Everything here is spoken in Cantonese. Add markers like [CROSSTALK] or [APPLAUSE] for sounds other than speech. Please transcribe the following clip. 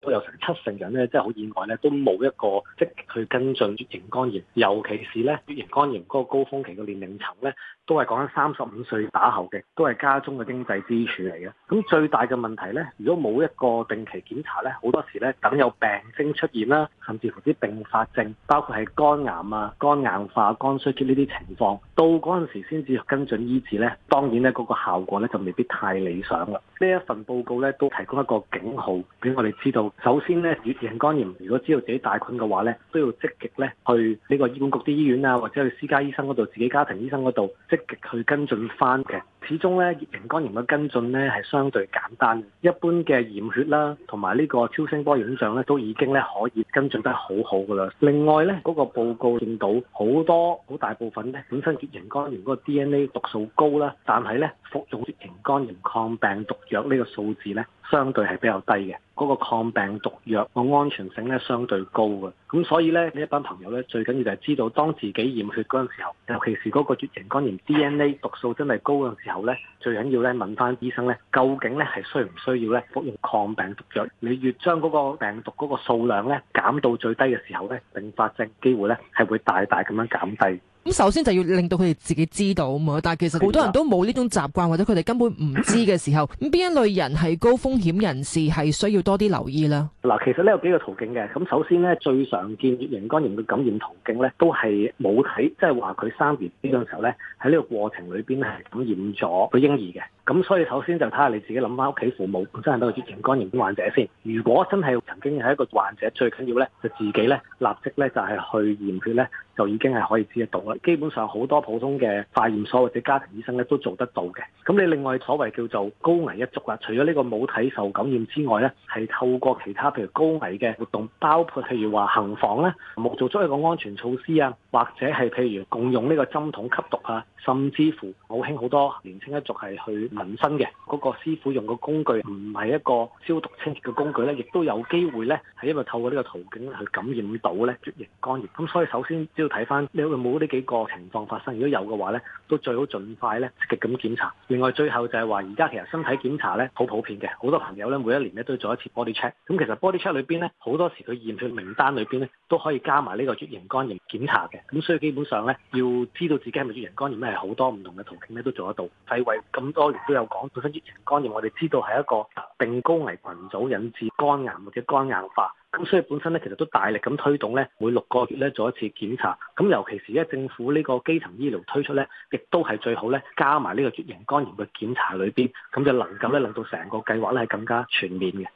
都有成七成人咧，真係好意外咧，都冇一個積極去跟進乙型肝炎，尤其是咧乙型肝炎嗰個高峰期嘅年齡層咧。都係講緊三十五歲打後嘅，都係家中嘅經濟支柱嚟嘅。咁最大嘅問題呢，如果冇一個定期檢查呢，好多時呢等有病徵出現啦，甚至乎啲併發症，包括係肝癌啊、肝硬化、肝衰竭呢啲情況，到嗰陣時先至跟進醫治呢。當然呢，嗰、嗰個效果呢就未必太理想啦。呢一份報告呢都提供一個警號俾我哋知道，首先呢乙型肝炎，如果知道自己帶菌嘅話呢，都要積極呢去呢個醫管局啲醫院啊，或者去私家醫生嗰度，自己家庭醫生嗰度即。去跟進翻嘅，始終咧乙型肝炎嘅跟進咧係相對簡單，一般嘅驗血啦，同埋呢個超聲波影像咧都已經咧可以跟進得好好噶啦。另外咧嗰、那個報告見到好多好大部分咧本身乙型肝炎嗰個 DNA 毒素高啦，但係咧服用乙型肝炎抗病毒藥呢個數字咧，相對係比較低嘅，嗰、那個抗病毒藥個安全性咧相對高嘅，咁所以咧呢一班朋友咧最緊要就係知道，當自己驗血嗰陣時候，尤其是嗰個乙型肝炎 DNA 毒素真係高嘅時候咧，最緊要咧問翻醫生咧，究竟咧係需唔需要咧服用抗病毒藥？你越將嗰個病毒嗰個數量咧減到最低嘅時候咧，併發症機會咧係會大大咁樣減低。咁首先就要令到佢哋自己知道，嘛，但係其實好多人都冇呢種習慣，或者佢哋根本唔知嘅時候，咁邊 [COUGHS] 一類人係高風險人士，係需要多啲留意啦。嗱，其實呢有幾個途徑嘅，咁首先咧最常見乙型肝炎嘅感染途徑咧，都係冇睇，即係話佢生完嗰陣時候咧，喺呢個過程裏邊係感染咗個嬰兒嘅。咁所以首先就睇下你自己諗翻屋企父母本身係唔係啲乙型肝炎患者先。如果真係曾經係一個患者，最緊要咧就自己咧立即咧就係、是、去驗血咧，就已經係可以知得到啦。基本上好多普通嘅化驗所或者家庭醫生咧都做得到嘅。咁你另外所謂叫做高危一族啊，除咗呢個母體受感染之外咧，係透過其他譬如高危嘅活動，包括譬如話行房咧冇做足一個安全措施啊，或者係譬如共用呢個針筒吸毒啊，甚至乎好興好多年青一族係去。人生嘅嗰、那個師傅用個工具唔係一個消毒清潔嘅工具咧，亦都有機會咧，係因為透過呢個途徑去感染到咧乙型肝炎。咁所以首先只要睇翻你有冇呢幾個情況發生，如果有嘅話咧，都最好儘快咧積極咁檢查。另外最後就係話，而家其實身體檢查咧好普遍嘅，好多朋友咧每一年咧都要做一次 body check。咁其實 body check 裏邊咧好多時佢驗血名單裏邊咧都可以加埋呢個乙型肝炎檢查嘅。咁所以基本上咧要知道自己係咪乙型肝炎咧，係好多唔同嘅途徑咧都做得到。係為咁多年。都有講本身乙型肝炎，我哋知道係一個特定高危群組引致肝癌或者肝硬化，咁所以本身咧其實都大力咁推動咧每六個月咧做一次檢查，咁尤其是而家政府呢個基層醫療推出咧，亦都係最好咧加埋呢個乙型肝炎嘅檢查裏邊，咁就能夠咧令到成個計劃咧係更加全面嘅。